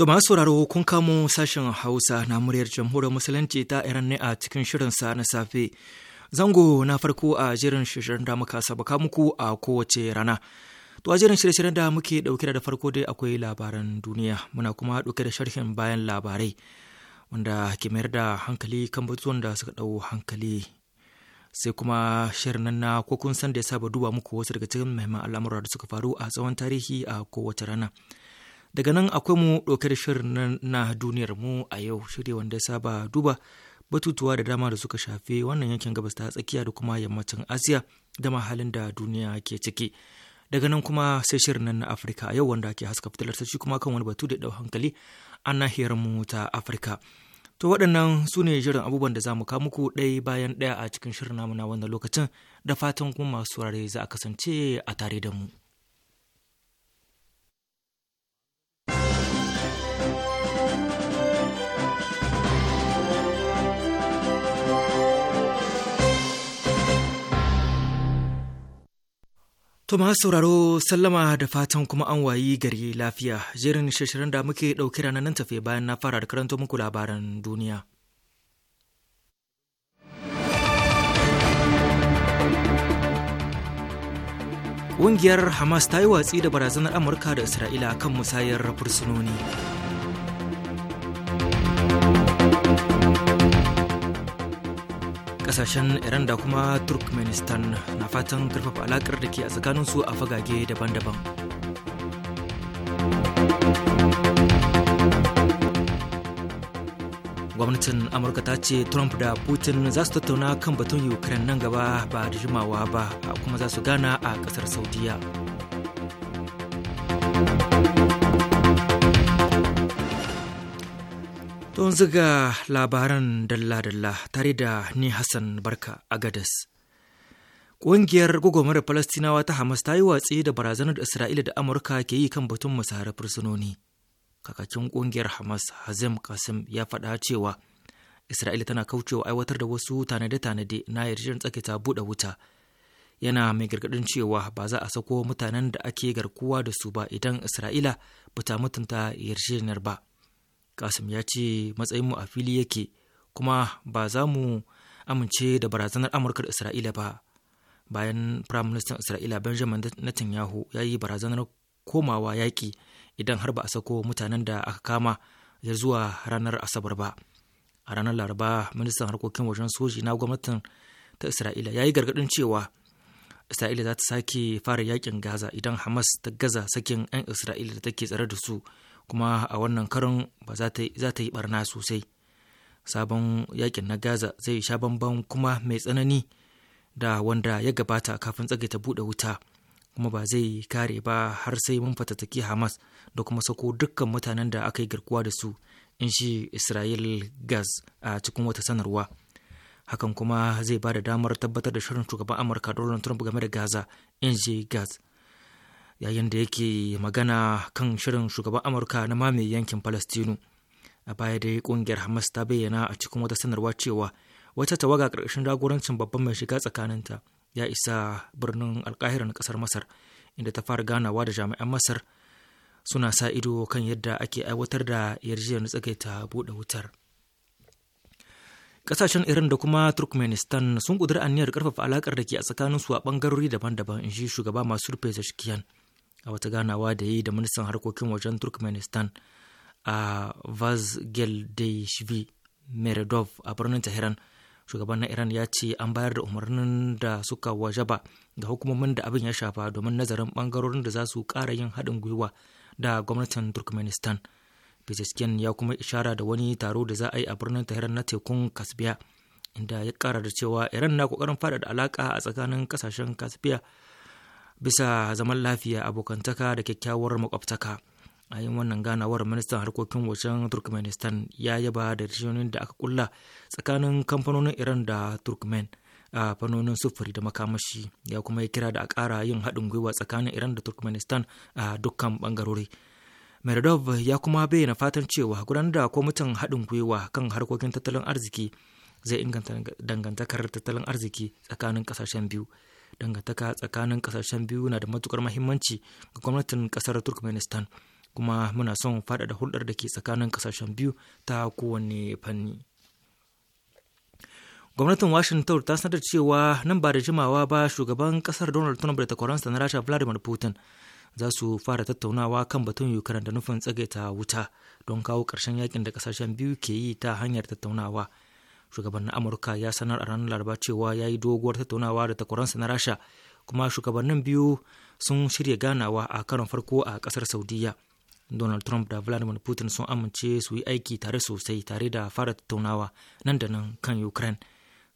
To masu sauraro kun kamo sashen Hausa na muryar jamhuriyar Musulunci ta Iran ne a cikin shirinsa na safe. Zango na farko a jirin shirin da muka sabaka muku a kowace rana. To a jirin shirye da muke dauke da farko dai akwai labaran duniya muna kuma dauke da sharhin bayan labarai wanda ke mayar da hankali kan batutuwan da suka dau hankali sai kuma shirin nan na ko san da ya saba duba muku wasu daga cikin muhimman al'amura da suka faru a tsawon tarihi a kowace rana. daga nan akwai mu ɗauke da shirin na duniyar mu a yau shirin wanda ya saba duba batutuwa da dama da suka shafi wannan yankin gabas ta tsakiya da kuma yammacin asiya da ma halin da duniya ke ciki daga nan kuma sai shirin nan na afirka a yau wanda ke haska fitilar shi kuma kan wani batu da ɗau hankali a nahiyar mu ta afirka to waɗannan su ne shirin abubuwan da za mu kawo muku ɗaya bayan ɗaya a cikin shirin namu na wannan lokacin da fatan kuma masu saurare za a kasance a tare da mu. To ma sauraro sallama da fatan kuma an wayi gari lafiya jerin shirin da muke ɗauki ranar nan tafe bayan na fara da karanto muku labaran duniya. Ƙungiyar Hamas ta yi watsi da barazanar Amurka da Isra'ila kan musayar fursunoni. kasashen iran da kuma turkmenistan na fatan karfafa alakar da ke a tsakaninsu a fagage daban-daban gwamnatin amurka ta ce trump da putin za su tattauna kan batun ukraine nan gaba ba da jimawa ba kuma za su gana a kasar saudiya Don ziga labaran dalla-dalla tare da ni Hassan Barka a Gadas. Ƙungiyar gwagwamar Falastinawa ta Hamas ta yi watsi da barazanar da Isra'ila da Amurka ke yi kan batun musahar fursunoni. Kakakin ƙungiyar Hamas Hazim Kasim ya faɗa cewa Isra'ila tana kaucewa aiwatar da wasu tanade-tanade na yarjejen tsake ta buɗe wuta. Yana mai gargaɗin cewa ba za a sako mutanen da ake garkuwa da su ba idan Isra'ila ba ta mutunta yarjejeniyar ba. kasim ya ce matsayinmu a fili yake kuma ba za mu amince da barazanar amurka da isra'ila ba bayan firaministan isra'ila benjamin netanyahu ya yi barazanar komawa yaƙi idan har ba a sako mutanen da aka kama ya zuwa ranar asabar ba a ranar laraba ministan harkokin wajen soji na gwamnatin ta isra'ila ya yi gargaɗin cewa isra'ila za ta sake fara yakin gaza idan hamas ta gaza sakin 'yan isra'ila da take tsare da su kuma a wannan karin ba za ta yi barna sosai sabon yakin na gaza zai sha bamban kuma mai tsanani da wanda ya gabata kafin tsage ta buɗe wuta kuma ba zai kare ba har sai mun fatattaki hamas da kuma sako dukkan mutanen da aka yi garkuwa da su in shi israel gas a cikin wata sanarwa hakan kuma zai ba da damar tabbatar da shirin shugaban amurka donald trump game da gaza in ji gas yayin da yake magana kan shirin shugaban amurka na mamaye yankin palestinu a baya dai kungiyar hamas ta bayyana a cikin wata sanarwa cewa wata tawaga ƙarƙashin jagorancin babban mai shiga tsakaninta ya isa birnin alkahira na ƙasar masar inda ta fara ganawa da jami'an masar suna sa ido kan yadda ake aiwatar da yarjejeniyar tsagaita buɗe wutar kasashen iran da kuma turkmenistan sun ƙudiri aniyar karfafa alakar da ke a tsakaninsu a bangarori daban-daban in shi shugaba masu rufe zashikiyan a wata ganawa da yi da ministan harkokin wajen turkmenistan a vazgeldeshvi meredov a birnin tehran shugaban na iran ya ce an bayar da umarnin da suka wajaba ga hukumomin da abin ya shafa domin nazarin bangarorin da za su ƙara yin haɗin gwiwa da gwamnatin turkmenistan pezeshkian ya kuma ishara da wani taro da za a yi a birnin tehran na tekun kasbiya inda ya kara da cewa iran na ƙoƙarin faɗaɗa alaƙa a tsakanin ƙasashen kasbiya bisa zaman lafiya abokantaka da kyakkyawar makwabtaka a yin wannan ganawar ministan harkokin wajen turkmenistan ya yaba da rishonin da aka kulla tsakanin kamfanonin iran da turkmen a fannonin sufuri da makamashi ya kuma yi kira da a kara yin haɗin gwiwa tsakanin iran da turkmenistan a dukkan ɓangarori meredov ya kuma bayyana fatan cewa gudanar da kwamitin haɗin gwiwa kan harkokin tattalin arziki zai inganta dangantakar tattalin arziki tsakanin ƙasashen biyu dangantaka tsakanin kasashen biyu na da matukar mahimmanci ga gwamnatin kasar turkmenistan kuma muna son faɗaɗa hulɗar da ke tsakanin kasashen biyu ta kowane fanni gwamnatin washington ta sanar da cewa nan ba da jimawa ba shugaban kasar donald trump da takwaransa na rasha vladimir putin za su fara tattaunawa kan batun ukraine da nufin tsagaita wuta don kawo ƙarshen yakin da kasashen biyu ke yi ta hanyar tattaunawa shugabannin amurka ya sanar a ranar laraba cewa ya yi doguwar tattaunawa da takwaransa na rasha kuma shugabannin biyu sun shirya ganawa a karon farko a kasar saudiya donald trump da vladimir putin sun amince su yi aiki tare sosai tare da fara tattaunawa nan da nan kan ukraine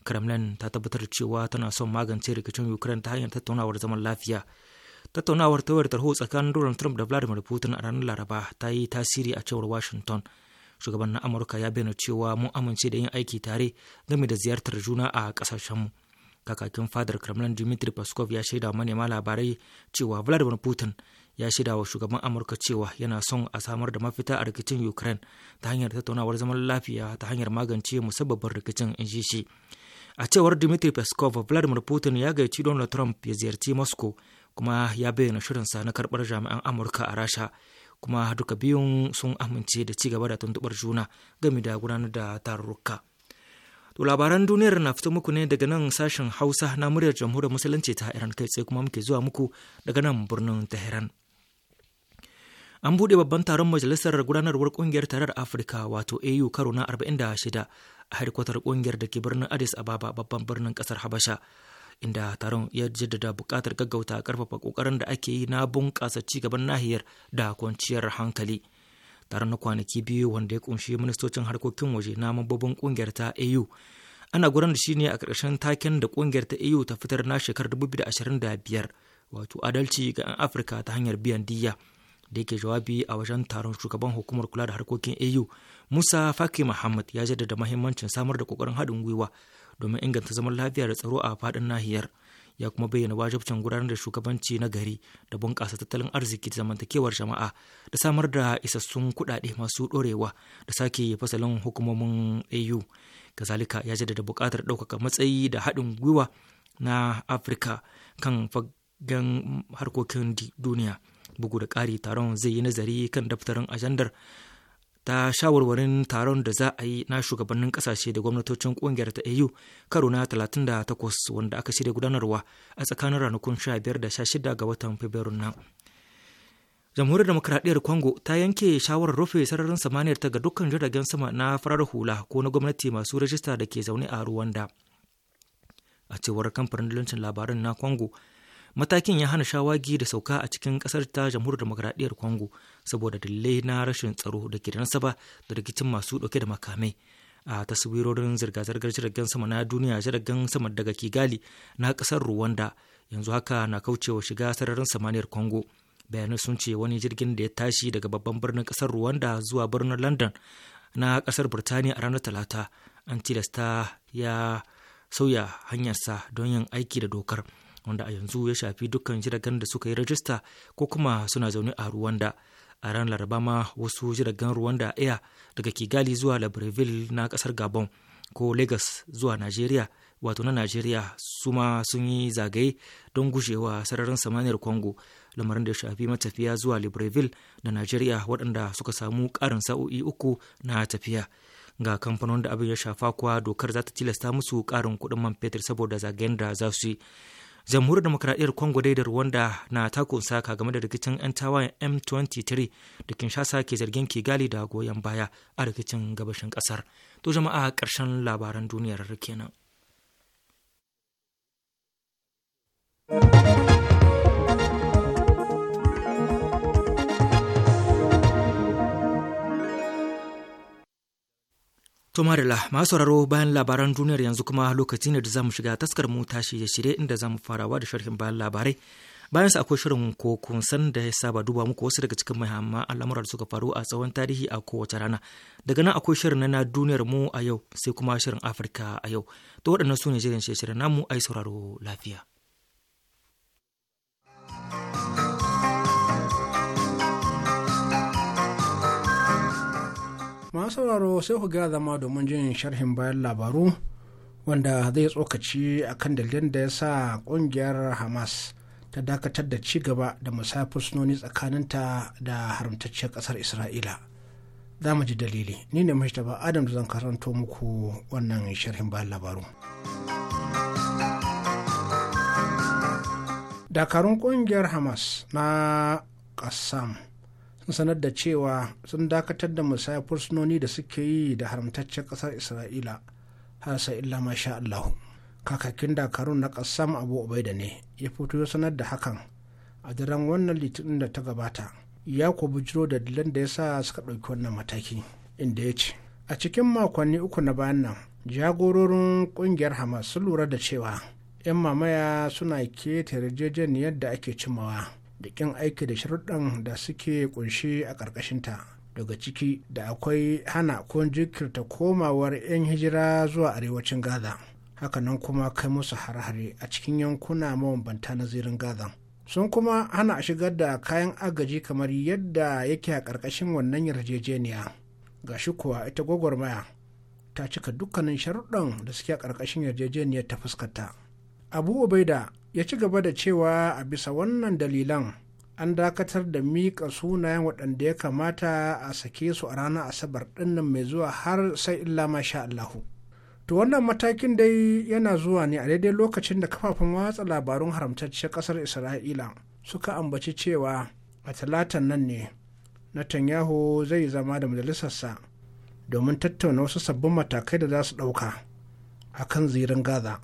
kremlin ta tabbatar cewa tana son magance rikicin ukraine ta hanyar tattaunawar zaman lafiya tattaunawar ta wayar tarho tsakanin donald trump da vladimir putin a ranar laraba ta yi tasiri a cewar washington shugaban na amurka ya bayyana cewa mun amince da yin aiki tare game da ziyartar juna a kasashenmu kakakin fadar kremlin dmitry peskov ya shaida manema labarai cewa vladimir putin ya shaida wa shugaban amurka cewa yana son a samar da mafita a rikicin ukraine ta hanyar tattaunawar zaman lafiya ta hanyar magance musabbabin rikicin in shi a cewar dmitry peskov vladimir putin ya gayyaci donald trump ya ziyarci moscow kuma ya bayyana shirinsa na karɓar jami'an amurka a rasha kuma duka biyun sun amince da ci gaba da tuntubar juna game da gudanar da tarurruka to labaran duniyar na fito muku ne daga nan sashen hausa na muryar jamhuriyar musulunci ta iran kai tsaye kuma muke zuwa muku daga nan birnin tehran an buɗe babban taron majalisar gudanarwar ƙungiyar tarar afirka wato au karo na 46 a harkwatar ƙungiyar da ke birnin addis ababa babban birnin ƙasar habasha inda taron ya jaddada buƙatar gaggauta karfafa ƙoƙarin da ake yi na bunƙasa cigaban nahiyar da kwanciyar hankali taron na kwanaki biyu wanda ya kunshi ministocin harkokin waje na mambobin ƙungiyar ta au ana gudanar da shi ne a ƙarshen taken da ƙungiyar ta au ta fitar na shekarar 2025 wato adalci ga 'yan afirka ta hanyar biyan diyya da yake jawabi a wajen taron shugaban hukumar kula da harkokin au musa faki muhammad ya jaddada mahimmancin samar da kokarin haɗin gwiwa domin inganta zaman lafiya da tsaro a faɗin nahiyar ya kuma bayyana wajibcin gudanar da shugabanci na gari da bunƙasa tattalin arziki da zamantakewar jama'a da samar da isassun kuɗaɗe masu ɗorewa da sake fasalin hukumomin au kazalika ya jaddada buƙatar ɗaukaka matsayi da haɗin gwiwa na afirka kan fagen harkokin duniya bugu da ƙari taron zai yi nazari kan daftarin ajandar ta shawarwarin taron da za a yi na shugabannin kasashe da gwamnatocin kungiyar ta AU karo na 38 wanda aka shirya gudanarwa a tsakanin ranakun 15 da 16 ga watan Fabrairu nan. Jamhuriyar Demokradiyyar Congo ta yanke shawarar rufe sararin samaniyar ta ga dukkan jiragen sama na farar hula ko na gwamnati masu rajista da ke zaune a Ruwanda. A cewar kamfanin lancin labaran na Congo, matakin ya hana shawagi da sauka a cikin kasar ta jamhuriyar demokradiyyar congo saboda dalilai na rashin tsaro da ke da nasaba da rikicin masu dauke da makamai a taswirorin zirga-zirgar jiragen sama na duniya jiragen sama daga kigali na kasar rwanda yanzu haka na kaucewa shiga sararin samaniyar congo bayanai sun ce wani jirgin da ya tashi daga babban birnin kasar rwanda zuwa birnin london na kasar birtaniya a ranar talata an tilasta ya sauya hanyarsa don yin aiki da dokar wanda a yanzu ya shafi dukkan jiragen da suka yi rajista ko kuma suna zaune a ruwanda A ran Laraba ma wasu jiragen Rwanda Air daga Kigali zuwa Libreville na kasar Gabon ko Lagos zuwa Najeriya wato na Najeriya su ma sun yi zagaye don gujewa sararin samaniyar Congo lamarin da ya shafi matafiya zuwa Libreville da Najeriya waɗanda suka samu ƙarin sa'o'i uku na tafiya. Ga kamfanon da abin ya shafa kuwa dokar za ta tilasta musu ƙarin kuɗin man fetur saboda zagayen da za su yi. jamhuriyar demokradiyyar congo dai da rwanda na takun saka game da rikicin 'yan tawayen m23 da kinshasa ke zargin kigali da goyon baya a rikicin gabashin kasar to jama'a karshen labaran duniyar kenan. Tumarila masu sauraro bayan labaran duniyar yanzu kuma lokaci ne da zamu shiga taskar mu tashi ya shirye inda zamu farawa da sharhin bayan labarai. Bayan sa akwai shirin ko kun san da ya saba duba muku wasu daga cikin muhimman al'amura da suka faru a tsawon tarihi a kowace rana. Daga nan akwai shirin na duniyar mu a yau sai kuma shirin Afirka a yau. To waɗannan su ne jiran shirin namu ai sauraro lafiya. masu sauraro sai ku ga zama domin jin sharhin bayan labaru wanda zai tsokaci kan dalilin da ya sa kungiyar hamas ta dakatar da ci gaba da musafir sunoni tsakaninta da haramtacciyar kasar isra'ila za mu ji dalili ni ne mashtaba adam da zan karanto muku wannan sharhin bayan labaru. dakarun kungiyar hamas na kasam sun sanar da cewa sun dakatar da musayar fursunoni da suke yi da haramtaccen ƙasar isra'ila har sai illa masha allahu kakakin dakarun na ƙasam abu ubaida ne ya fito ya sanar da hakan a daren wannan litinin da ta gabata ya ku bujiro da dalilan da ya sa suka ɗauki wannan mataki inda ya ce a cikin makonni uku na bayan nan jagororin ƙungiyar hamas sun lura da cewa 'yan mamaya suna keta yarjejeniyar da ake cimawa da aiki da sharuɗan da suke kunshi a ƙarƙashinta daga ciki da akwai hana ko jikirta komawar 'yan hijira zuwa arewacin gaza hakanan kuma kai musu harhare a cikin yankuna mabambanta na zirin gaza sun kuma hana shigar da kayan agaji kamar yadda yake a ƙarƙashin wannan yarjejeniya ga shi kuwa ita gwagwarmaya ta cika dukkanin sharuɗan da suke a ƙarƙashin yarjejeniyar ta fuskata abu ubaida ya ci gaba da cewa a bisa wannan dalilan an dakatar da miƙa sunayen waɗanda ya kamata a sake su a ranar asabar ɗinnan mai zuwa har sai illa sha Allahu. To wannan matakin dai yana zuwa ne a daidai lokacin da kafafen watsa labarun haramtacciyar ƙasar Isra'ila suka ambaci cewa a talatan nan ne Netanyahu zai zama da majalisarsa domin tattauna wasu sabbin matakai da za su ɗauka a kan zirin Gaza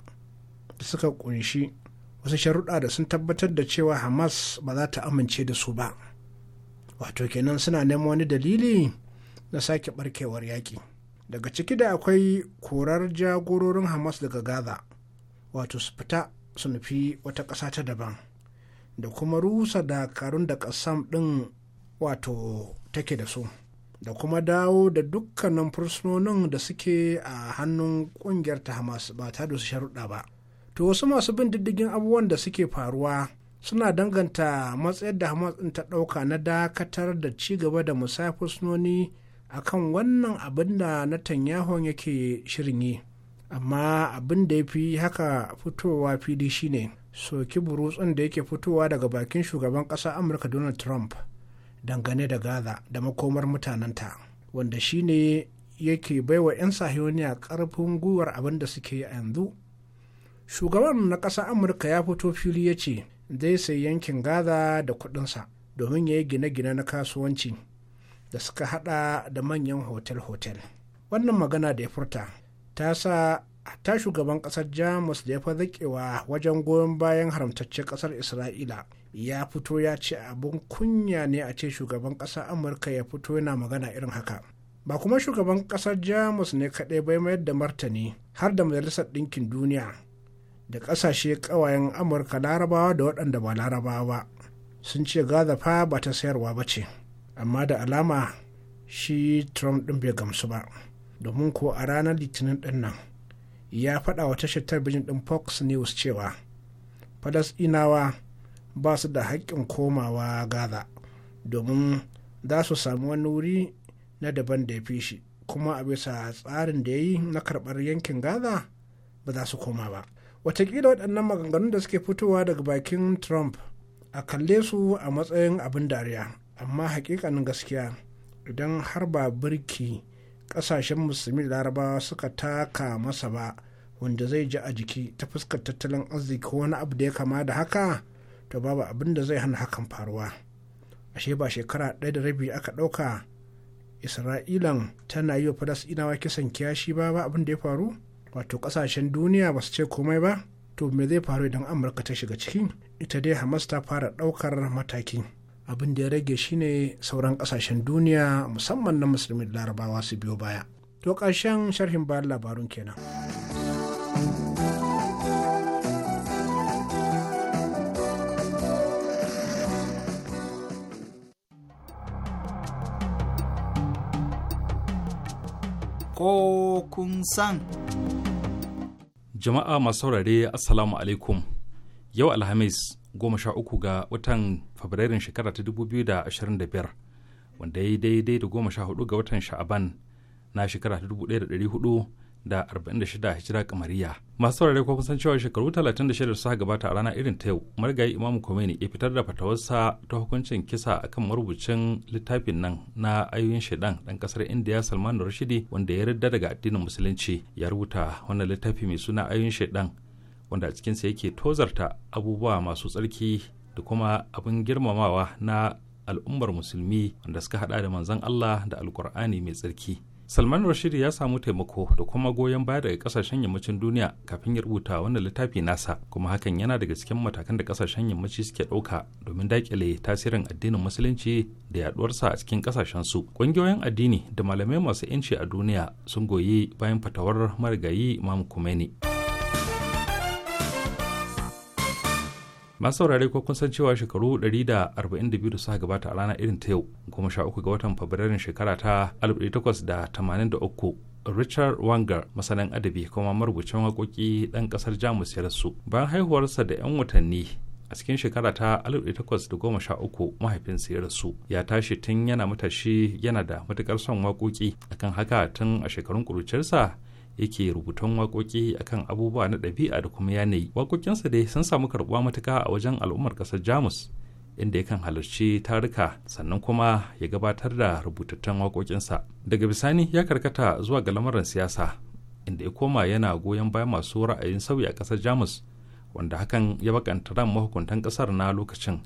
da suka ƙunshi wasu sharuɗa da sun tabbatar da cewa hamas ba za ta amince da su ba wato kenan suna neman wani dalili na sake barkewar yaƙi daga ciki da akwai korar jagororin hamas daga gaza wato su fita su nufi wata ƙasa ta daban da kuma rusa dakarun da ƙasam ɗin wato take da su da kuma dawo da dukkanin fursunonin da suke a hannun ƙungiyar ta hamas ba ta da su sharuɗa ba to wasu masu bin diddigin abubuwan da suke faruwa suna danganta matsayar da hamas ɗin ta ɗauka na dakatar da ci gaba da musafir sunoni a kan wannan abin da netanyahu yake shirin yi amma abin da ya fi haka fitowa fili shine soki burutsun da yake fitowa daga bakin shugaban ƙasa amurka donald trump dangane da gaza da makomar mutanenta wanda shine yake baiwa 'yan sahiyoniya ƙarfin gwiwar abin da suke yanzu shugaban na ƙasa amurka ya fito fili ya ce zai sai yankin gaza da kuɗinsa domin ya yi gine-gine na kasuwanci da suka hada da manyan hotel-hotel wannan magana da ya furta ta sa ta shugaban ƙasar jamus da ya fa wajen goyon bayan haramtacce ƙasar isra'ila ya fito ya ce abin kunya ne a ce shugaban ƙasar amurka ya fito yana magana irin haka ba kuma shugaban ƙasar jamus ne kaɗai bai mayar da martani har da majalisar ɗinkin duniya da ƙasashe ƙawayen amurka larabawa da waɗanda ba larabawa ba sun ce gaza fa ba ta sayarwa ba ce amma da alama shi trump ɗin bai gamsu ba domin ko a ranar litinin ɗin nan ya faɗa wa tashar talabijin ɗin fox news cewa falasɗinawa ba su da haƙƙin komawa gaza domin za su sami wani wuri na daban da ya fi shi kuma a bisa tsarin da ya yi na karɓar yankin gaza ba za su koma ba watakila waɗannan maganganun da suke fitowa daga bakin trump a kalle su a matsayin abin dariya amma hakikanin gaskiya idan har ba birki ƙasashen musulmi larabawa suka taka masa ba wanda zai ji a jiki ta fuskar tattalin arziki wani abu da ya kama da haka to babu abin da zai hana hakan faruwa ashe ba shekara ɗaya da rabi aka ɗauka isra'ilan tana yi wa falasɗinawa kisan kiyashi ba ba abin da ya faru wato kasashen duniya ba su ce komai ba to me zai faru idan amurka ta shiga ciki ita dai hamas ta fara daukar mataki abin da ya rage shine sauran kasashen duniya musamman na musulmin larabawa su biyo baya to ƙarshen sharhin bayan labarun kenan. ko kun san. Jama'a masu saurare Assalamu alaikum. Yau Alhamis goma sha uku ga watan Fabrairun shekara ta dubu biyu da ashirin da biyar wanda ya yi daidai da goma sha hudu ga watan Sha'aban na shekara ta dubu ɗaya da ɗari hudu da 46 hijira kamariya masu saurare ko san cewa shekaru 36 ha gabata a rana irin ta yau marigayi imamu ne ya fitar da fatawarsa ta hukuncin kisa akan marubucin littafin nan na ayoyin shaidan dan kasar indiya salman rashidi wanda ya yarda daga addinin musulunci ya rubuta wannan littafi mai suna ayoyin shaidan wanda a cikinsa yake tozarta abubuwa masu tsarki da kuma abin girmamawa na al'ummar musulmi wanda suka hada da manzon allah da alkur'ani mai tsarki salman rashid ya samu taimako da kuma goyon baya daga kasashen yammacin duniya kafin ya rubuta wannan littafi nasa kuma hakan yana daga cikin matakan da kasashen yammaci suke ɗauka domin dakile tasirin addinin musulunci da yaduwarsa a cikin kasashen su ƙungiyoyin addini da malamai masu yanci a duniya sun goyi bayan fatawar marigayi imam Khomeini. masu saurari ko kun san cewa shekaru 142 da suka gabata a ranar irin ta yau kuma sha uku ga watan fabrairun shekara ta 1883 Richard Wanger masanin adabi kuma marubucin waƙoƙi ɗan ƙasar Jamus ya rasu bayan haihuwarsa da 'yan watanni a cikin shekara ta 1813 mahaifinsa ya rasu ya tashi tun yana matashi yana da matukar son waƙoƙi akan haka tun a shekarun ƙuruciyarsa yake rubutan waƙoƙi akan abubuwa na ɗabi'a da kuma yanayi waƙoƙinsa dai sun samu karɓuwa matuka a wajen al'ummar ƙasar jamus inda yakan halarci taruka sannan kuma ya gabatar da rubutattun waƙoƙinsa daga bisani ya karkata zuwa ga lamarin siyasa inda ya koma yana goyon bayan masu ra'ayin sauyi a ƙasar jamus wanda hakan ya bakanta ran mahukuntan ƙasar na lokacin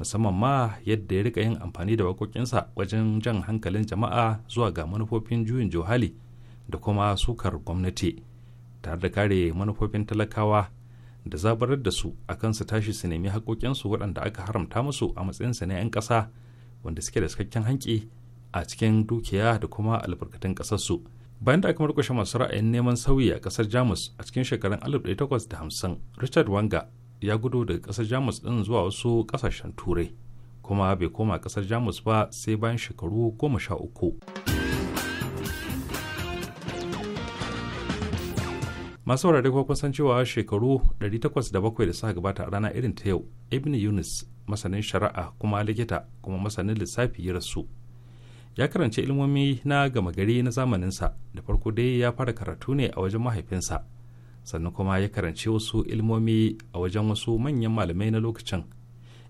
musamman ma yadda ya rika yin amfani da waƙoƙinsa wajen jan hankalin jama'a zuwa ga manufofin juyin johali da kuma sukar gwamnati tare da kare manufofin talakawa da zabarar da su akan su tashi su nemi haƙoƙinsu waɗanda aka haramta musu a matsayin matsayinsa na 'yan ƙasa wanda suke da cikakken hanki a cikin dukiya da kuma albarkatun ƙasarsu bayan da aka murƙushe masu ra'ayin neman sauyi a ƙasar jamus a cikin shekarun 1850 richard wanga ya gudu daga ƙasar jamus ɗin zuwa wasu ƙasashen turai kuma bai koma ƙasar jamus ba sai bayan shekaru goma sha uku. masu wurare kuma kun san cewa shekaru 807 da suka gabata a rana irin ta yau ibn yunus masanin shari'a kuma likita kuma masanin lissafi ya rasu ya karance ilmomi na gama gari na zamaninsa da farko dai ya fara karatu ne a wajen mahaifinsa sannan kuma ya karance wasu ilmomi a wajen wasu manyan malamai na lokacin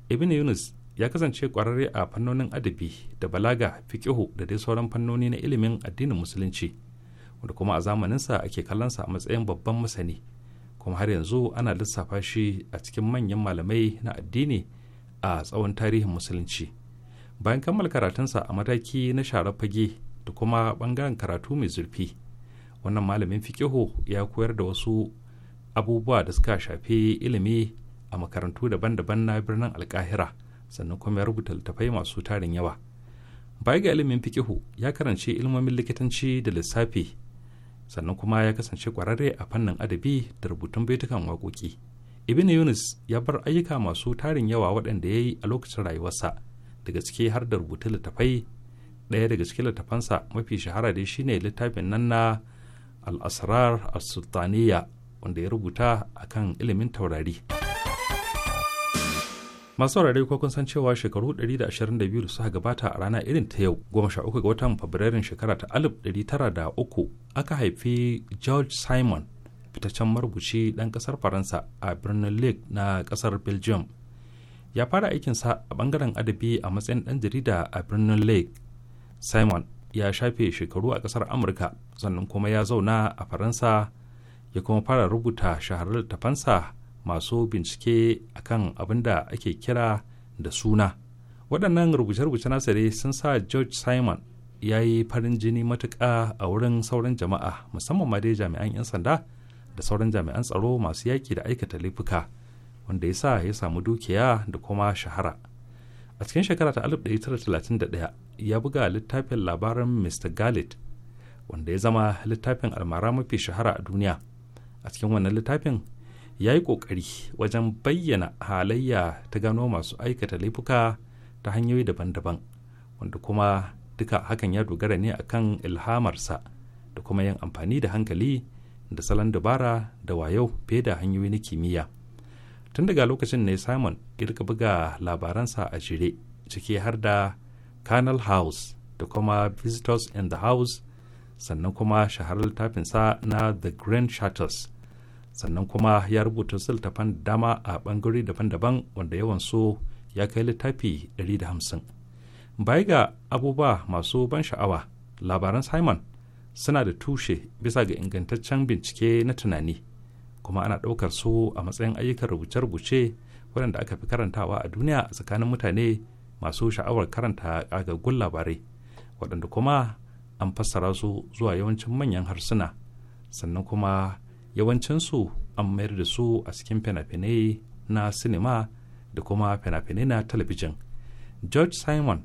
ibn yunus ya kasance kwararre a fannonin adabi da balaga fiqihu da dai sauran fannoni na ilimin addinin musulunci wanda kuma a zamaninsa ake kallonsa a matsayin babban masani kuma har yanzu ana lissafa shi a cikin manyan malamai na addini a tsawon tarihin musulunci bayan kammala karatunsa a mataki na sharar fage da kuma bangaren karatu mai zurfi wannan malamin fikihu ya koyar da wasu abubuwa da suka shafi ilimi a makarantu daban-daban na birnin alkahira sannan kuma ya rubuta littattafai masu tarin yawa baya ga ilimin fikihu ya karanci ilmomin likitanci da lissafi sannan kuma ya kasance kwararre a fannin adabi da rubutun baitukan waƙoƙi ibn yunus ya bar ayyuka masu tarin yawa waɗanda ya yi a lokacin rayuwarsa daga ciki har da rubuta littafai ɗaya daga cikin littafansa mafi shahara dai shine littafin nan na al-asrar as-sultaniya wanda ya rubuta akan ilimin taurari. masu saurari ko kun san cewa shekaru 122 da suka gabata a rana irin ta yau 13 ga watan fabrairun shekara ta 1903 aka haifi george simon fitaccen marubuci ɗan ƙasar faransa a birnin lake na kasar belgium ya fara aikinsa a ɓangaren adabi a matsayin ɗan jarida a birnin lake simon ya shafe shekaru a ƙasar amurka sannan kuma ya zauna a faransa ya kuma fara rubuta shahararren tafansa masu bincike akan abin da ake kira da suna waɗannan rubuce-rubuce na dai sun sa george simon ya yi farin jini matuƙa a wurin sauran jama'a musamman ma dai jami'an 'yan sanda da sauran jami'an tsaro masu yaƙi da aikata laifuka wanda ya sa ya samu dukiya da kuma shahara a cikin shekara ta ɗaya ya buga littafin labarin mr gallet wanda ya zama littafin almara mafi shahara a duniya a cikin wannan littafin ya yi ƙoƙari wajen bayyana halayya ta gano masu aikata laifuka ta hanyoyi daban-daban wanda kuma duka hakan ya dogara ne akan ilhamarsa da kuma yin amfani da hankali da salon dabara da wayo fiye da hanyoyi na kimiyya tun daga lokacin ne simon ya rika buga labaransa a jire ciki har da canal house da kuma visitors in the house sannan kuma shaharar tafinsa na the grand shutters sannan kuma ya rubuta wasu dama a ɓangare daban-daban wanda yawan so ya kai littafi 150 bai ga abubuwa masu ban sha'awa labaran simon suna da tushe bisa ga ingantaccen bincike na tunani kuma ana ɗaukar su a matsayin ayyukan rubuce-rubuce waɗanda aka fi karantawa a duniya a tsakanin mutane masu sha'awar karanta ƙagaggun labarai waɗanda kuma an fassara su zuwa yawancin manyan harsuna sannan kuma yawancinsu an mayar da su a cikin fina-finai na sinima da kuma fina-finai na talabijin george simon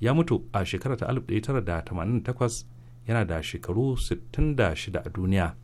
ya mutu a shekarar ta 1988 yana da shekaru 66 a duniya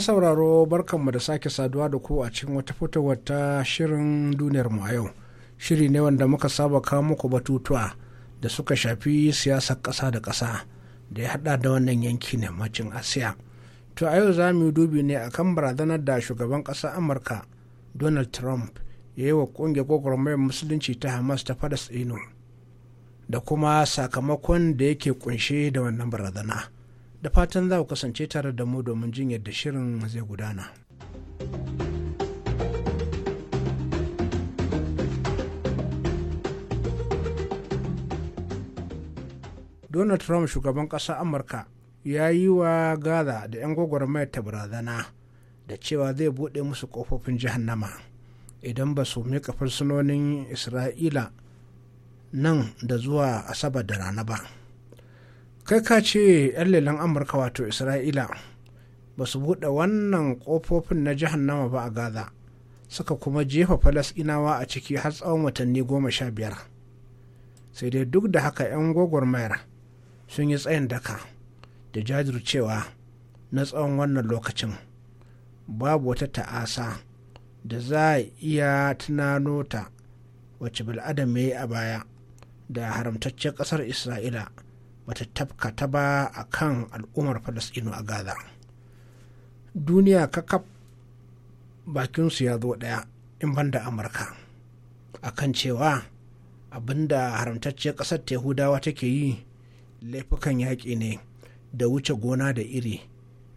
sauraro barkanmu da sake saduwa da ku a cikin wata fitowar ta shirin duniyar mu a yau shiri ne wanda muka saba kawo muku batutuwa da suka shafi siyasar ƙasa da ƙasa da ya haɗa da wannan yanki ne macin asiya to a yau za mu yi dubi ne akan barazanar da shugaban ƙasar amurka donald trump ya yi wa ƙungiyar gwagwarmayar musulunci ta hamas ta fadas da kuma sakamakon da yake kunshe da wannan barazana. da fatan za ku kasance tare da mu domin jin yadda shirin zai gudana. Donald Trump shugaban ƙasar Amurka ya yi wa Gaza da 'yan gwagwarmaya ta barazana da cewa zai buɗe musu ƙofofin jahannama idan ba su miƙa fursunonin Isra'ila nan da zuwa Asabar da rana ba. kai ka ce 'yan lelen amurka wato isra'ila ba su buɗe wannan ƙofofin na nama ba a gaza suka kuma jefa falasɗinawa a ciki har tsawon watanni goma sha biyar sai dai duk da haka 'yan gwagwarmayar sun yi tsayin daka da jajircewa na tsawon wannan lokacin babu wata ta'asa da za a iya tunano ta wacce bil'adam ya yi a baya da haramtaccen ƙasar isra'ila bata tafka ta ba a kan al'ummar falasɗinu a gaza duniya kakaf bakinsu ya zo ɗaya in banda amurka a kan cewa abinda haramtacciyar ƙasar yahudawa take yi laifukan yaƙi ne da wuce gona da iri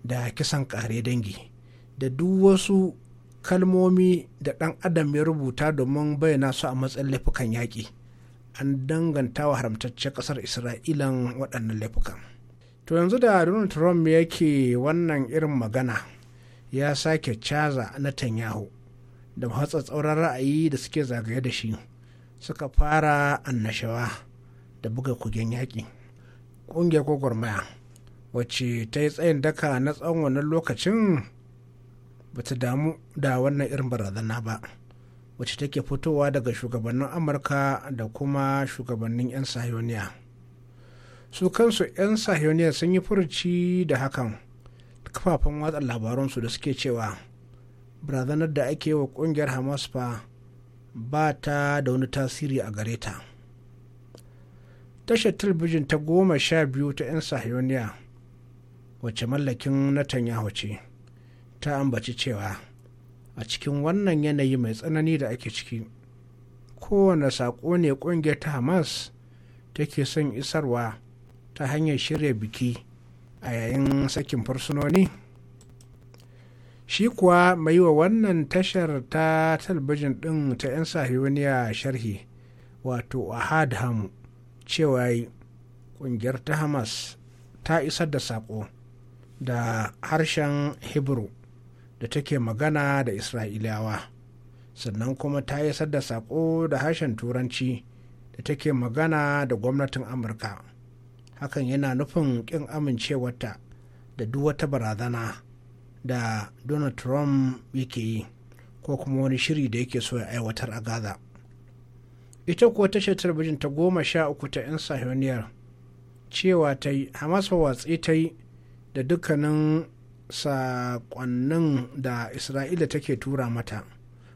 da kisan ƙare dangi da duk wasu kalmomi da ɗan adam ya rubuta domin bayyana su a matsayin laifukan yaƙi an danganta wa haramtaccen ƙasar isra'ilan waɗannan laifukan to yanzu da donald trump yake wannan irin magana ya sake caza netanyahu da tsauran ra'ayi da suke zagaye da shi suka fara annashawa da buga kugen yaƙi ƙungiyar gwagwarmaya wacce ta yi tsayin daka na tsawon wannan lokacin ba ta damu da wannan irin barazana ba. wacce take fitowa daga shugabannin amurka da kuma shugabannin 'yan sahioniya su kansu 'yan sahioniya sun yi furuci da hakan kafafen watsa labaransu da suke cewa barazanar da ake wa kungiyar hamas fa ba ta da wani tasiri a gare ta tashar talbijin ta goma sha biyu ta 'yan sahioniya wacce mallakin na ce ta ambaci cewa a cikin wannan yanayi mai tsanani da ake ciki kowane saƙo ne ƙungiyar ta hamas take son isarwa ta hanyar shirya biki a yayin sakin fursunoni shi kuwa mai wa wannan tashar ta talbijin ɗin ta 'yan sahiyoniya sharhi wato ahad hamu cewa ƙungiyar ta hamas ta isar da saƙo da harshen hebrew da take magana da isra'ilawa sannan kuma ta yi da saƙo da harshen turanci da take magana da gwamnatin amurka hakan yana nufin ƙin amincewarta da duk wata barazana da donald trump yake yi ko kuma wani shiri da yake so ya aiwatar a gaza ita kuwa tashar talabijin ta goma sha uku ta 'yan sahiyoniyar cewa ta yi hamas watsi ta yi da dukkanin saƙonnin da isra'ila take tura mata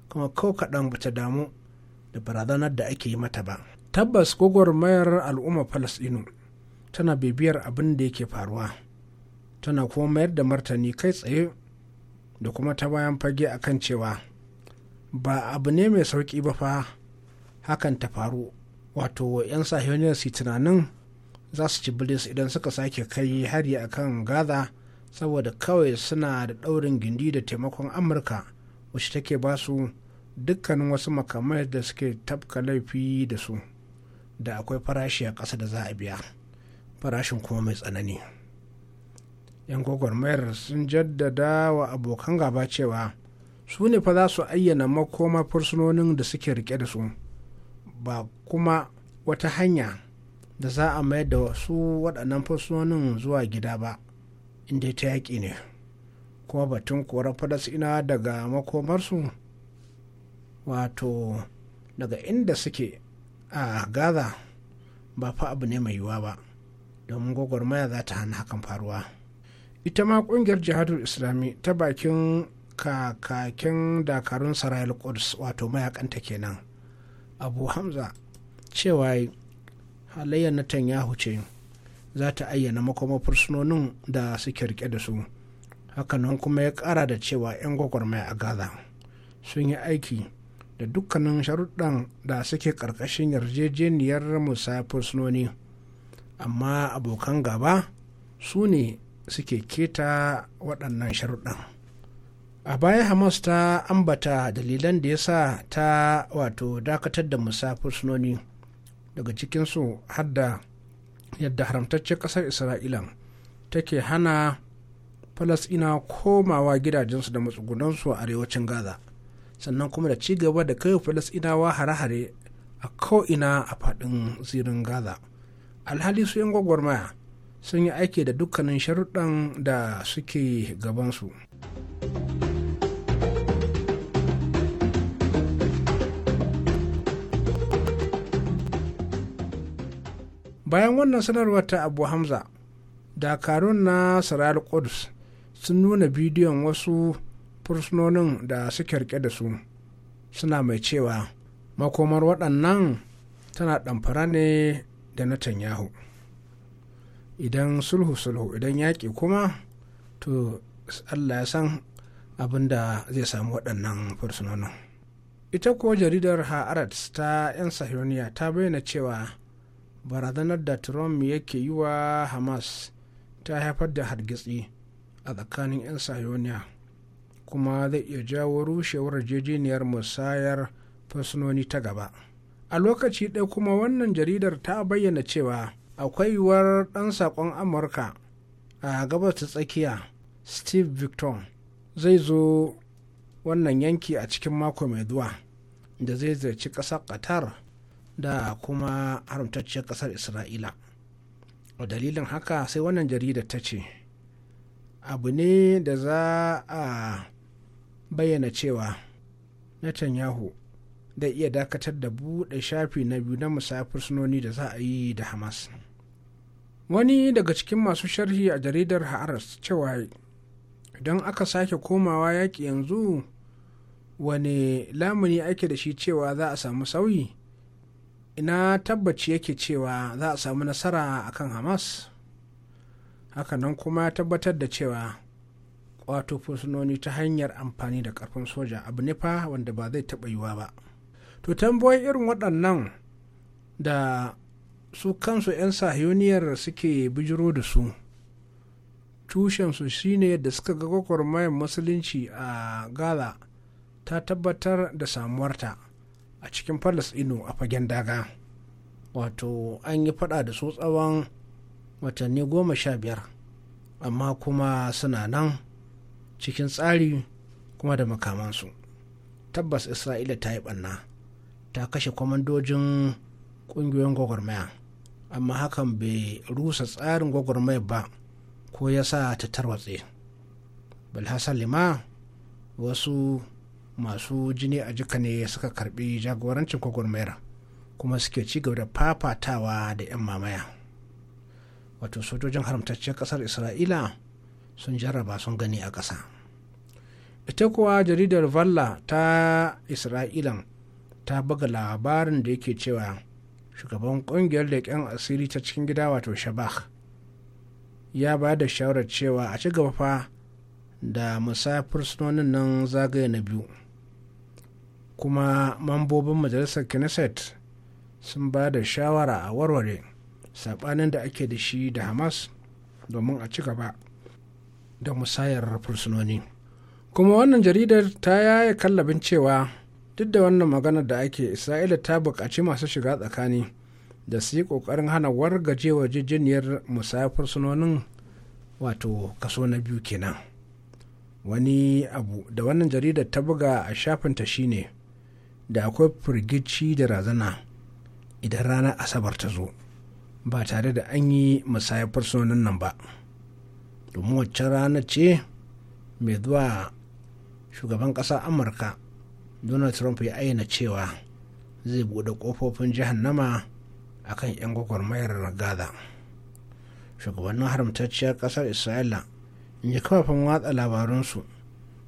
kuma kau kaɗan bata damu da barazanar da ake yi mata ba tabbas gwagwarmayar al'umma falasɗinu tana bibiyar abin da yake faruwa tana kuma mayar da martani kai tsaye da kuma ta bayan fage a kan cewa ba abu ne mai sauƙi ba fa hakan ta faru wato 'yan sahihoniyar su tunanin za su ci bilis idan suka sake kai hari akan gaza saboda kawai suna da ɗaurin gindi da taimakon amurka wacce take ba su dukkanin wasu makamai da suke tafka laifi da su da akwai farashi a ƙasa da za a biya farashin kuma mai tsanani yan gwagwarmayar sun jaddada wa abokan gaba cewa su ne fa za su ayyana makoma fursunonin da suke rike da su ba kuma wata hanya da za a mayar da su waɗannan fursunonin zuwa gida ba inda ta yaƙi ne kuma batun korar falasina daga makomarsu wato daga inda suke a gaza ba fa abu ne mai yiwuwa ba domin gwagwarmaya za ta hana hakan faruwa ita ma kungiyar jihadul islami ta bakin kakakin dakarun sarayil quds wato mayakanta kenan abu hamza cewa halayyar netanyahu ce za ta ayyana makoma fursunonin da suke rike da su hakanan kuma ya kara da cewa 'yan gwagwarmaya a gaza sun yi aiki da dukkanin sharuɗan da suke ƙarƙashin yarjejeniyar musafursunoni fursunoni amma abokan gaba su ne suke keta waɗannan sharuɗan a baya hamas ta ambata dalilan da ya sa ta wato dakatar da musafir sunoni daga cikinsu har da yadda haramtaccen ƙasar isra'ila take hana falasina komawa gidajensu da matsugunansu a arewacin gaza sannan kuma da cigaba da kai falasinawa hare-hare a ko'ina a faɗin zirin gaza alhali su yan gwagwarmaya sun yi aiki da dukkanin sharuɗan da suke gabansu. bayan wannan sanarwar ta abu hamza dakarun na sarar kudus sun nuna bidiyon wasu fursunonin da suke rike da su suna mai cewa makomar waɗannan tana ɗamfara ne da na Netanyahu idan sulhu sulhu idan yaƙi kuma to allah ya san abin da zai samu waɗannan fursunonin ita ko jaridar haarat ta 'yan sahiyoniya ta bayyana cewa barazanar da trump yake yi wa hamas ta haifar da hargitsi a tsakanin 'yan sayoniya kuma zai iya jawo rushewar jejeniyar musayar fursunoni ta gaba a lokaci ɗaya kuma wannan jaridar ta bayyana cewa akwai yiwuwar ɗan saƙon amurka a gabas ta tsakiya steve victor zai zo wannan yanki a cikin mako mai zuwa da zai ziyarci ƙasar qatar da kuma haramtacciyar kasar isra'ila a dalilin haka sai wannan jarida ta ce abu ne da za a bayyana cewa netanyahu da iya dakatar da buɗe shafi na biyu na musafir sunoni da za a yi da hamas wani daga cikin masu sharhi a jaridar har'as cewa idan aka sake komawa yaƙi yanzu wane lamuni ake da shi cewa za a samu sauyi ina tabbaci yake cewa za a samu nasara a kan hamas hakanan kuma ya tabbatar da cewa wato fursunoni ta hanyar amfani da karfin soja abu ne fa wanda ba zai taɓa yiwuwa ba to tambayoyi irin waɗannan da su kansu 'yan sahiyoniyar suke bijiro da su tushensu shine yadda suka ga gwagwarmayar musulunci a gaza ta tabbatar da samuwarta a cikin falasɗinu a fagen daga wato an yi fada da su tsawon watanni goma sha biyar amma kuma suna nan cikin tsari kuma da makamansu tabbas isra'ila ta yi ɓanna ta kashe kwamandojin ƙungiyoyin gwagwarmaya amma hakan bai rusa tsarin gwagwarmaya ba ko ya sa ta tarwatse bilhassan lima wasu masu jini a jika ne suka karbi jagorancin gwagwarmayar kuma suke ci gaba da fafatawa da 'yan mamaya wato sojojin haramtacciyar kasar isra'ila sun jarraba sun gani a ƙasa ita kuwa jaridar valla ta isra'ila ta buga labarin da yake cewa shugaban kungiyar leƙen asiri ta cikin gida wato shabak ya ba da shawarar cewa a ci gaba fa da musafir sunonin nan zagaye na biyu kuma mambobin majalisar knesset sun ba da shawara a warware saɓanin da ake da shi da hamas domin a ci gaba da musayar fursunoni kuma wannan jaridar ta yaya kallabin cewa duk da wannan maganar da ake isra'ila ta buƙaci masu shiga tsakani da su yi ƙoƙarin hana wargajewa jijiniyar musayar fursunonin wato kaso na biyu kenan wani abu da wannan jaridar ta buga a shafinta shine da akwai firgici da razana idan ranar asabar ta zo ba tare da an yi musayar sunan nan ba domin wacce rana ce mai zuwa shugaban ƙasa amurka donald trump ya ayyana cewa zai buɗe ƙofofin nama a kan 'yan gwagwarmayar gaza shugabannin haramtacciyar ƙasar isra'ila in ji kafafen watsa labarunsu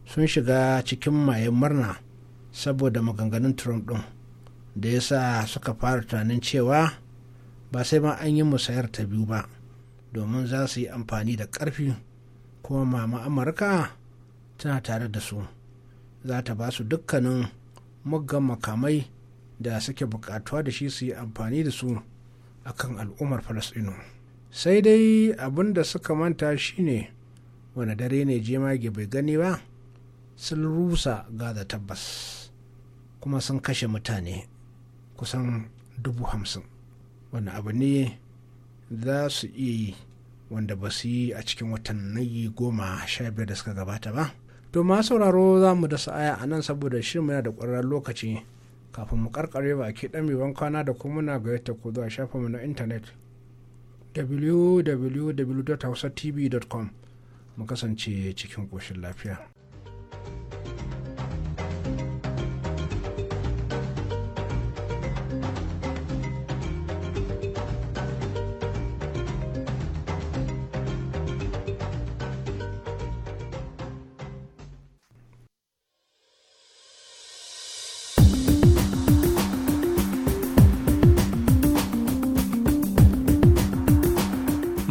sun shiga cikin mayan murna saboda maganganun trump ɗin da ya sa suka fara tunanin cewa ba sai ma an yi musayar ta biyu ba domin za su yi amfani da ƙarfi kuma mama amurka tana tare da su za ta ba su dukkanin muggan makamai da suke buƙatuwa da shi su yi amfani da su a kan al'ummar falasɗinu sai dai abin da suka manta shine wani dare ne jemage bai gani ba sun rusa ga da tabbas kuma sun kashe mutane kusan dubu hamsin wani abu ne za su iya yi wanda ba su yi a cikin watanni goma sha biyar da suka gabata ba to ma sauraro za mu da sa'aya a nan saboda shi muna da ƙwararren lokaci kafin mu karkare ke ɗan mai kwana da kuma muna gayyata ku zuwa mu na intanet www.hausatv.com mu kasance cikin koshin lafiya.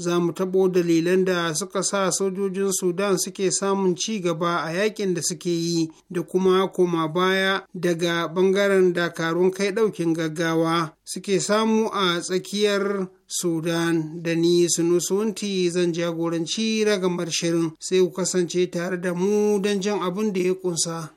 za mu taɓo dalilan da suka sa sojojin sudan suke samun ci gaba a yakin da suke yi da kuma koma baya daga ɓangaren dakarun kai ɗaukin gaggawa suke samu a tsakiyar sudan da ni sunusunti zan jagoranci ragamar shirin sai ku kasance tare da mu don jan abin da ya ƙunsa.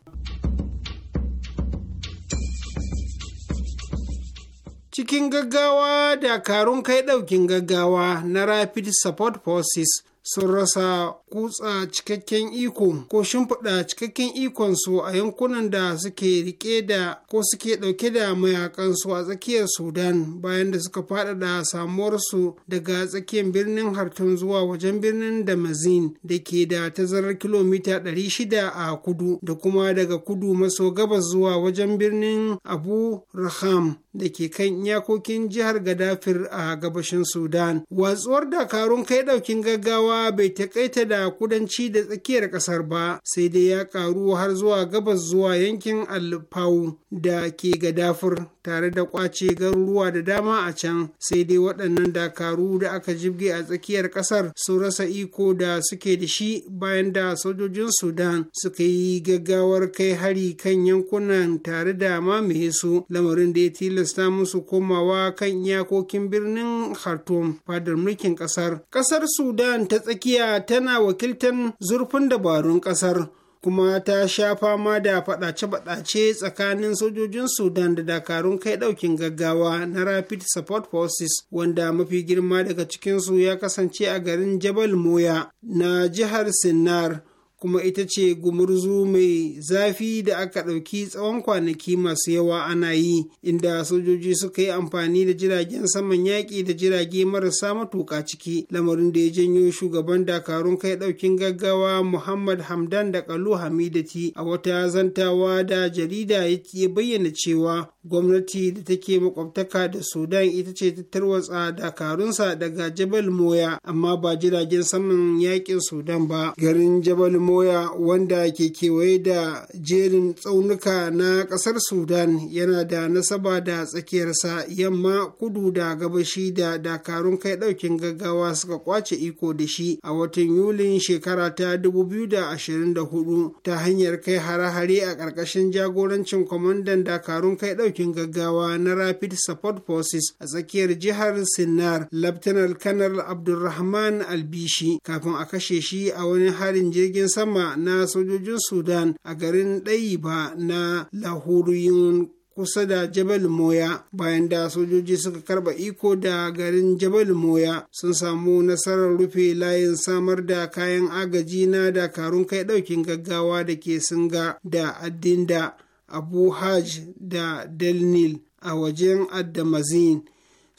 cikin gaggawa dakarun kai ɗaukin gaggawa na rapid support forces sun rasa kutsa cikakken iko ko shimfiɗa cikakken ikonsu a yankunan da suke rike da ko suke ɗauke da mayakansu a tsakiyar sudan bayan da suka faɗaɗa su daga tsakiyar birnin hartun zuwa wajen birnin damazin da ke da tazarar kilomita 600 a kudu da kuma daga kudu maso gabas zuwa wajen birnin abu raham da ke kan iyakokin jihar Gadafir a gabashin Sudan. Watsuwar dakarun kai daukin gaggawa bai takaita da kudanci da tsakiyar kasar ba, sai dai ya karu har zuwa gabas zuwa yankin Alfau da ke Gadafir tare da kwace garuruwa da dama a can, sai dai waɗannan dakaru da aka jibge a tsakiyar kasar sun rasa iko da suke da shi bayan da sojojin Sudan suka yi gaggawar kai hari kan yankunan tare da mamaye su lamarin da ya tilasta tilasta musu komawa kan iyakokin birnin Khartoum fadar mulkin ƙasar. Ƙasar Sudan ta tsakiya tana wakiltan zurfin dabarun ƙasar. kuma ta sha fama da faɗace-faɗace tsakanin sojojin sudan da dakarun kai ɗaukin gaggawa na rapid support forces wanda mafi girma daga cikinsu ya kasance a garin jabal moya na jihar sinnar kuma ita ce gumurzu mai zafi da aka ɗauki tsawon kwanaki masu yawa ana yi inda sojoji suka yi amfani da jiragen saman yaƙi da jirage marasa matuƙa ciki lamarin da ya janyo shugaban dakarun kai ɗaukin gaggawa muhammad hamdan da kalu hamidati a wata zantawa da jarida ya bayyana cewa gwamnati da take makwabtaka da sudan ita ce ta tarwatsa dakarunsa daga jabal moya amma ba jiragen saman yaƙin sudan ba garin jabal moya moya wanda ke kewaye da jerin tsaunuka na ƙasar sudan yana da nasaba da tsakiyarsa yamma kudu da gabashi da dakarun kai ɗaukin gaggawa suka kwace iko da shi a watan yulin shekara ta 2024 ta hanyar kai hare-hare a ƙarƙashin jagorancin kwamandan dakarun kai ɗaukin gaggawa na rapid support forces a tsakiyar jihar sinnar laftanar kanar abdulrahman albishi kafin a kashe shi a wani harin jirgin sama sama na sojojin Sudan a garin Ɗayiba na lahuruyin kusa da Jabal Moya bayan da sojoji suka karba iko da garin Jabal Moya sun samu nasarar rufe layin samar da kayan agaji na dakarun kai ɗaukin gaggawa da ke singa da addinda Abu Hajj da Delnil a wajen Addamazin.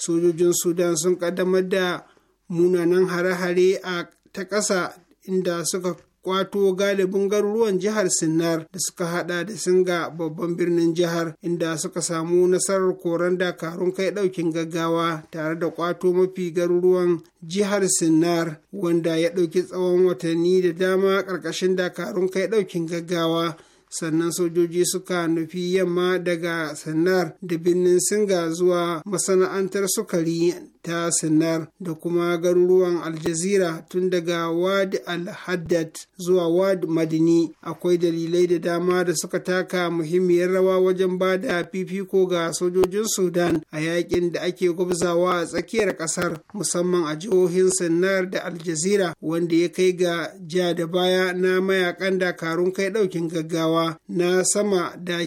Sojojin Sudan sun kaddamar da munanan hare-hare a ta ƙasa inda suka kwato galibin garuruwan jihar Sinnar da suka hada da Singa babban birnin jihar inda suka samu nasarar koran dakarun kai daukin gaggawa tare da kwato mafi garuruwan jihar Sinnar wanda ya dauki tsawon watanni da dama karkashin dakarun kai daukin gaggawa. sannan sojoji suka nufi yamma daga sannar da birnin singa zuwa masana'antar sukari ta sinar da kuma garuruwan aljazira tun daga wad al-haddad zuwa wad madini akwai dalilai da dama da suka taka muhimmiyar rawa wajen ba da fifiko ga sojojin sudan a yakin da ake gwabzawa a tsakiyar kasar musamman a jihohin sinar da aljazira wanda ya kai ga ja da baya na mayakan dakarun kai daukin gaggawa na sama da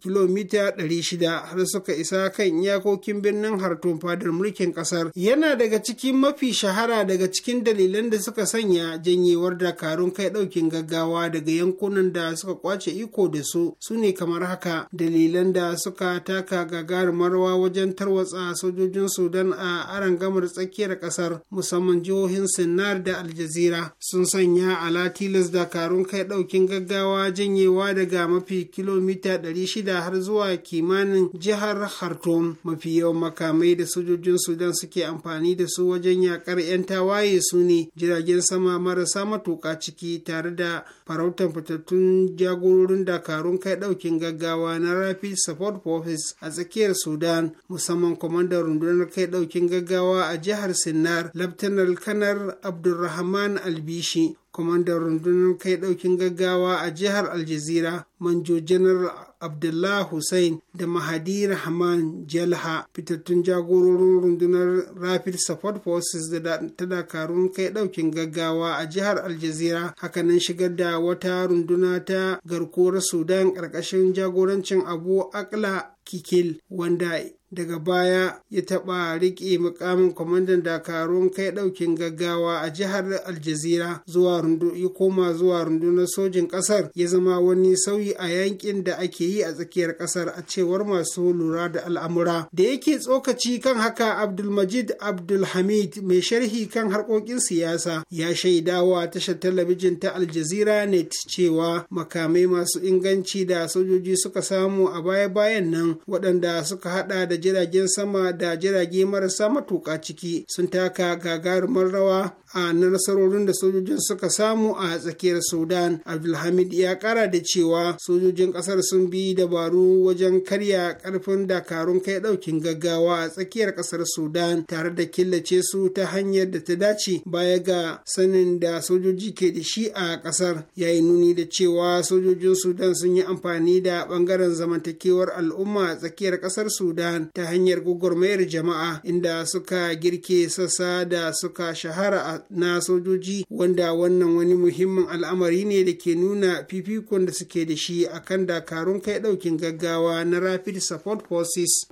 kilomita 600 har suka isa kan iyakokin birnin hartun fadar mulkin kasar kasar yana daga cikin mafi shahara daga cikin dalilan da suka sanya janyewar dakarun kai ɗaukin gaggawa daga yankunan da suka kwace iko da su su ne kamar haka dalilan da suka taka gagarumar rawa wajen tarwatsa sojojin sudan a arangamar tsakiyar ƙasar musamman jihohin sinar da aljazira sun sanya ala tilas dakarun kai ɗaukin gaggawa janyewa daga mafi kilomita 600 har zuwa kimanin jihar khartoum mafi yawan makamai da sojojin sudan suke suke amfani da su wajen yakar 'yan tawaye su ne jiragen sama marasa matuƙa ciki tare da farautar fitattun jagororin dakarun kai ɗaukin gaggawa na rapid support forces a tsakiyar sudan musamman kwamandan rundunar kai ɗaukin gaggawa a jihar sinnar laftanar kanar abdulrahman albishi kwamandan rundunar kai daukin gaggawa a jihar aljazira manjo janar abdullah hussein da mahadi rahman jalha fitattun jagororin rundunar rapid support forces da ta dakarun kai daukin gaggawa a jihar aljazira hakanan shigar da wata runduna ta garkuwar sudan ƙarƙashin jagorancin abu akla kikil wanda daga baya ya taɓa riƙe mukamin kwamandan dakarun kai ɗaukin gaggawa a jihar aljazira zuwa rundu ya koma zuwa rundunar sojin ƙasar ya zama wani sauyi a yankin da ake yi a tsakiyar ƙasar a cewar masu lura da al'amura da yake tsokaci kan haka abdulmajid abdulhamid mai sharhi kan harkokin siyasa ya shaidawa tashar talabijin ta aljazira net cewa makamai masu inganci da sojoji suka samu a baya-bayan nan waɗanda suka haɗa da jiragen sama da jirage marasa matuƙa ciki sun taka gagarumar rawa a nasarorin da sojojin suka samu a tsakiyar sudan abdulhamid ya kara da cewa sojojin kasar sun bi dabaru wajen karya karfin dakarun kai daukin gaggawa a tsakiyar kasar sudan tare da killace su ta hanyar da ta dace baya ga sanin da sojoji ke da shi a kasar ya yi nuni da cewa sojojin sudan sun yi amfani da bangaren zamantakewar al'umma a tsakiyar kasar sudan ta hanyar gwagwarmayar jama'a inda suka girke sassa da suka shahara na sojoji wanda wannan wani muhimmin al'amari ne da ke nuna fifikon da suke da shi akan dakarun kai daukin gaggawa na rapid support forces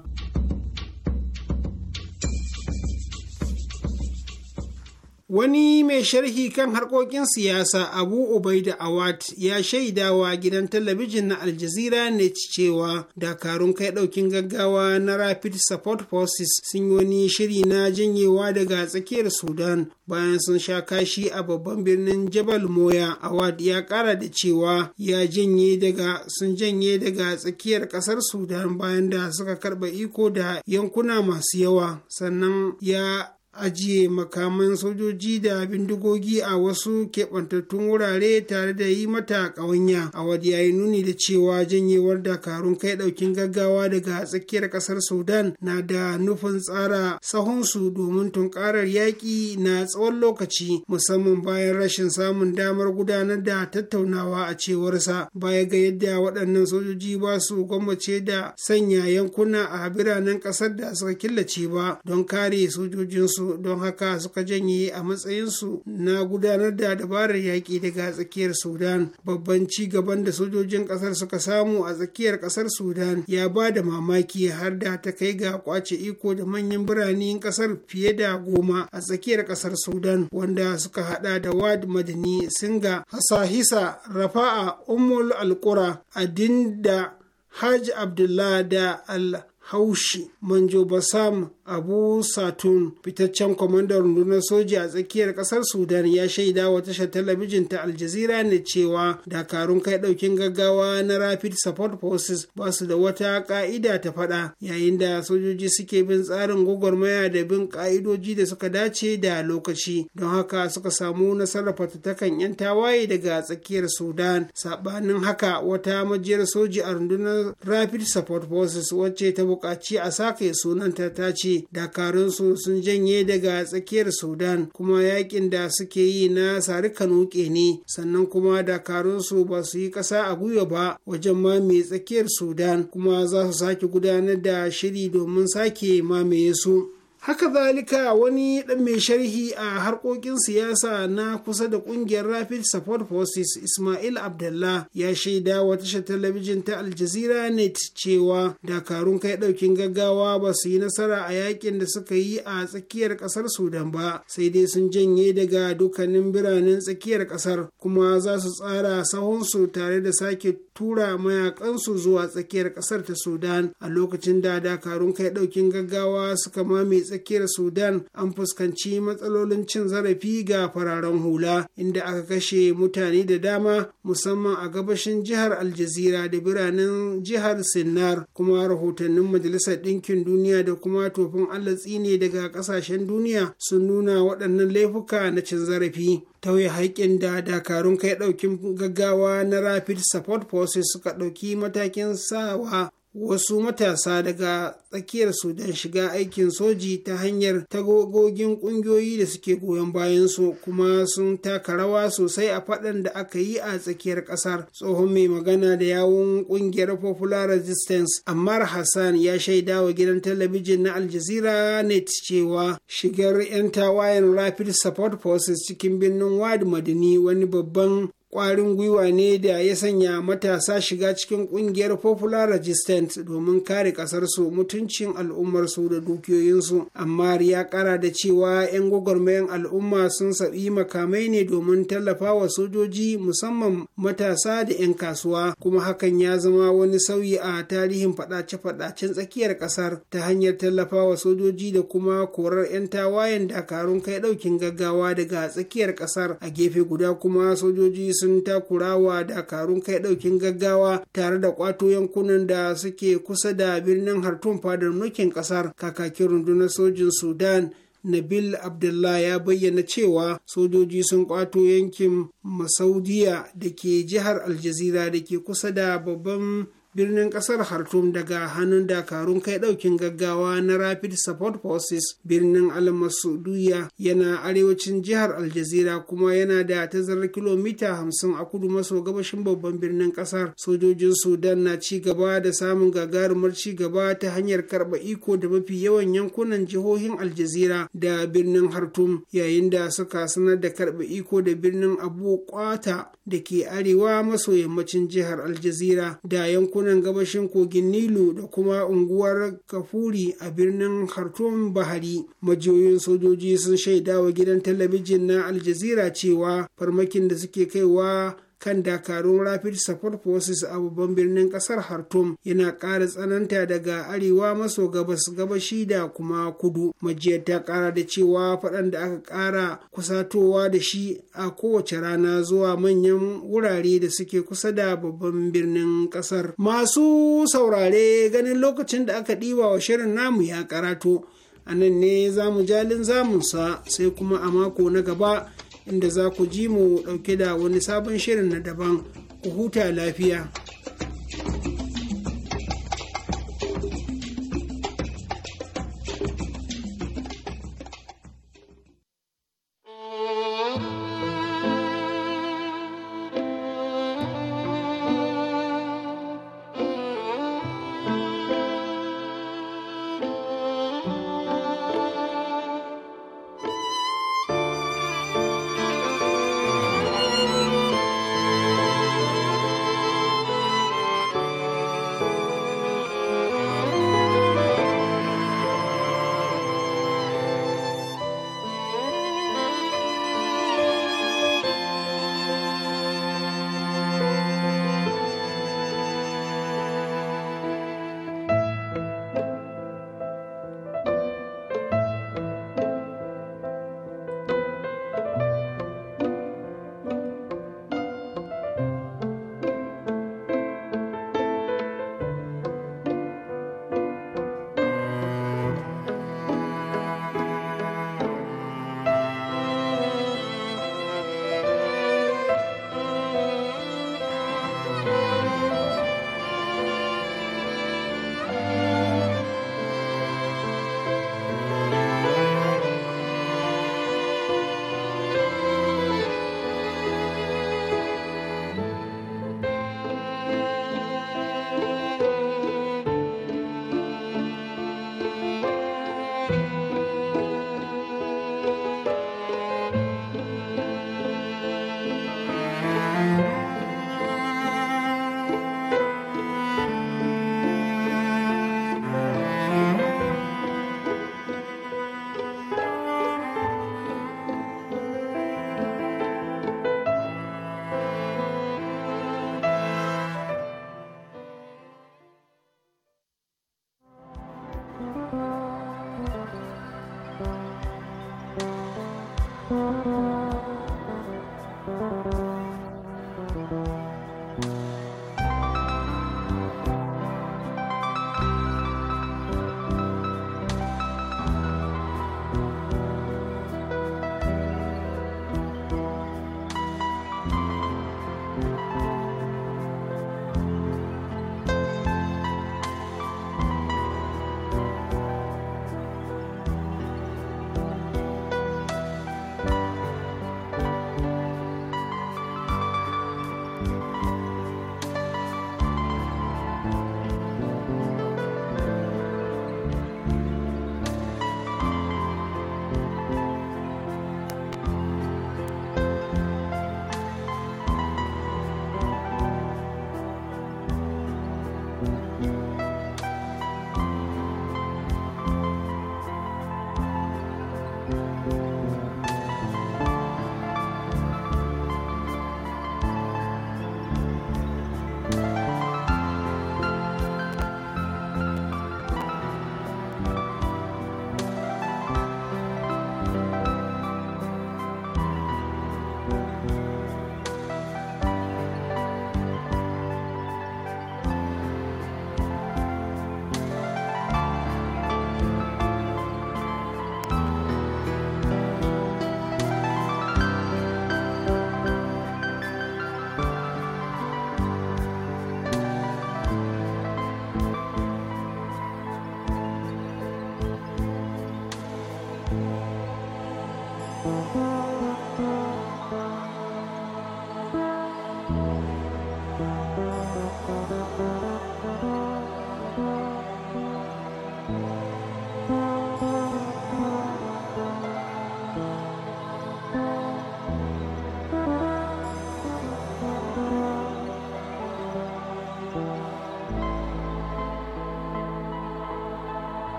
Wani mai sharhi kan harkokin siyasa Abu Ubaida Awad ya shaidawa gidan talabijin na Aljazeera ne cewa dakarun kai ɗaukin gaggawa na Rapid Support Forces sun yi wani shiri na janyewa daga tsakiyar Sudan bayan sun sha kashi a babban birnin Jabal Moya. Awad ya ƙara da cewa ya janye daga sun janye daga tsakiyar ƙasar Sudan bayan da suka karɓa iko da yankuna masu yawa sannan ya ajiye makaman sojoji da bindigogi a wasu keɓantattun wurare tare da yi mata ƙawanya a wadda yayi nuni da cewa janyewar dakarun kai ɗaukin gaggawa daga tsakiyar ƙasar sudan na da nufin tsara sahunsu domin tunkarar yaƙi na tsawon lokaci musamman bayan rashin samun damar gudanar da tattaunawa a cewarsa baya ga yadda waɗannan sojoji ba su gwammace da sanya yankuna a biranen ƙasar da suka killace ba don kare sojojinsu don haka suka janye a matsayinsu na gudanar da dabarar yaƙi daga tsakiyar sudan babban ci gaban da sojojin ƙasar suka samu a tsakiyar ƙasar sudan ya ba da mamaki har da ta kai ga kwace iko da manyan birane ƙasar fiye da goma a tsakiyar ƙasar sudan wanda suka hada da wad madani singa hasahisa rafa'a umul alkura adinda hajj abdullah da al haushi manjo basam abu satun fitaccen kwamandan rundunar soji a tsakiyar kasar sudan ya shaida wa tashar talabijin ta aljazira ne cewa dakarun kai daukin gaggawa na rapid support forces ba su da wata ka'ida ta fada yayin da sojoji suke bin tsarin gwagwarmaya da bin ka'idoji da suka dace da lokaci don haka suka samu nasarar fatattakan yan tawaye daga tsakiyar sudan sabanin haka wata majiyar soji a rundunar rapid support forces wacce ta buƙaci a sake sunanta ta ce dakarunsu sun janye daga tsakiyar sudan kuma yakin da suke yi na sarika ne sannan kuma dakarunsu ba su yi ƙasa a gwiwa ba wajen mamaye tsakiyar sudan kuma za su sake gudanar da shiri domin sake mamaye su haka zalika wani dan mai sharhi a harkokin siyasa na kusa da kungiyar rapid support forces ismail abdullah ya shaida wa tashar talabijin ta aljazeera net cewa dakarun kai daukin gaggawa ba su yi nasara a yakin da suka yi a tsakiyar kasar sudan ba sai dai sun janye daga dukkanin biranen tsakiyar kasar kuma za su tsara sahunsu tare da sake tura mayakansu zuwa tsakiyar kasar ta sudan a lokacin da dakarun kai daukin gaggawa suka mame tsakiyar sudan an fuskanci matsalolin cin zarafi ga fararen hula inda aka kashe mutane da dama musamman a gabashin jihar aljazira da biranen jihar sinnar kuma rahotannin majalisar ɗinkin duniya da kuma tofin allah tsine daga ƙasashen duniya sun nuna waɗannan laifuka na cin zarafi tauye haƙƙin da dakarun kai ɗaukin gaggawa na rapid support forces suka ɗauki matakin sawa wasu matasa daga tsakiyar su don shiga aikin soji ta hanyar tagogogin kungiyoyi da suke goyon bayan su kuma sun taka rawa sosai a faɗan da aka yi a tsakiyar ƙasar tsohon mai magana da yawun ƙungiyar popular resistance ammar hassan ya shaida wa gidan talabijin na Aljazeera net cewa shigar 'yan tawayen rapid support forces cikin birnin wad madini wani babban kwarin gwiwa ne da ya sanya matasa shiga cikin kungiyar popular resistance domin kare kasarsu mutuncin al'ummarsu da dukiyoyinsu amma ya kara da cewa 'yan gwagwarmayan al'umma sun sabi makamai ne domin tallafa wa sojoji musamman matasa da 'yan kasuwa kuma hakan ya zama wani sauyi a tarihin fadace-fadacen tsakiyar kasar ta hanyar tallafa wa sojoji da kuma korar 'yan tawayen dakarun kai daukin gaggawa daga tsakiyar kasar a gefe guda kuma sojoji sun sun takurawa dakarun kai daukin gaggawa tare da kwato yankunan da suke kusa da birnin hartun fadar mulkin kasar kakakin rundunar sojin sudan Nabil Abdullah ya bayyana cewa sojoji sun kwato yankin Masaudiya da ke jihar Aljazira da ke kusa da babban birnin kasar hartum daga hannun dakarun kai daukin gaggawa na Rapid Support Forces birnin almasuduya yana arewacin jihar Aljazira kuma yana da tazarar kilomita hamsin a kudu maso gabashin babban birnin kasar. Sojojin Sudan na ci gaba da samun gagarumar ci gaba ta hanyar karɓa iko da mafi yawan yankunan jihohin Aljazira da birnin hartum yayin da suka sanar da karba iko da birnin Abu Kwata da ke arewa maso yammacin jihar Aljazira da yankunan yankunan gabashin kogin nilu da kuma unguwar kafuri a birnin khartoum bahari majiyoyin sojoji sun shaidawa gidan talabijin na aljazira cewa farmakin da suke kaiwa kan dakarun rapid support forces a babban birnin kasar hartum yana ƙara tsananta daga arewa maso gabas gabashi da kuma kudu majiyar ta ƙara da cewa faɗan da aka ƙara kusatowa da shi a kowace rana zuwa manyan wurare da suke kusa da babban birnin kasar masu saurare ganin lokacin da aka ɗiba wa shirin namu ya karato a nan ne zamu jalin zamunsa sai kuma a mako na gaba inda za ku ji mu ɗauke da wani sabon shirin na daban ku huta lafiya.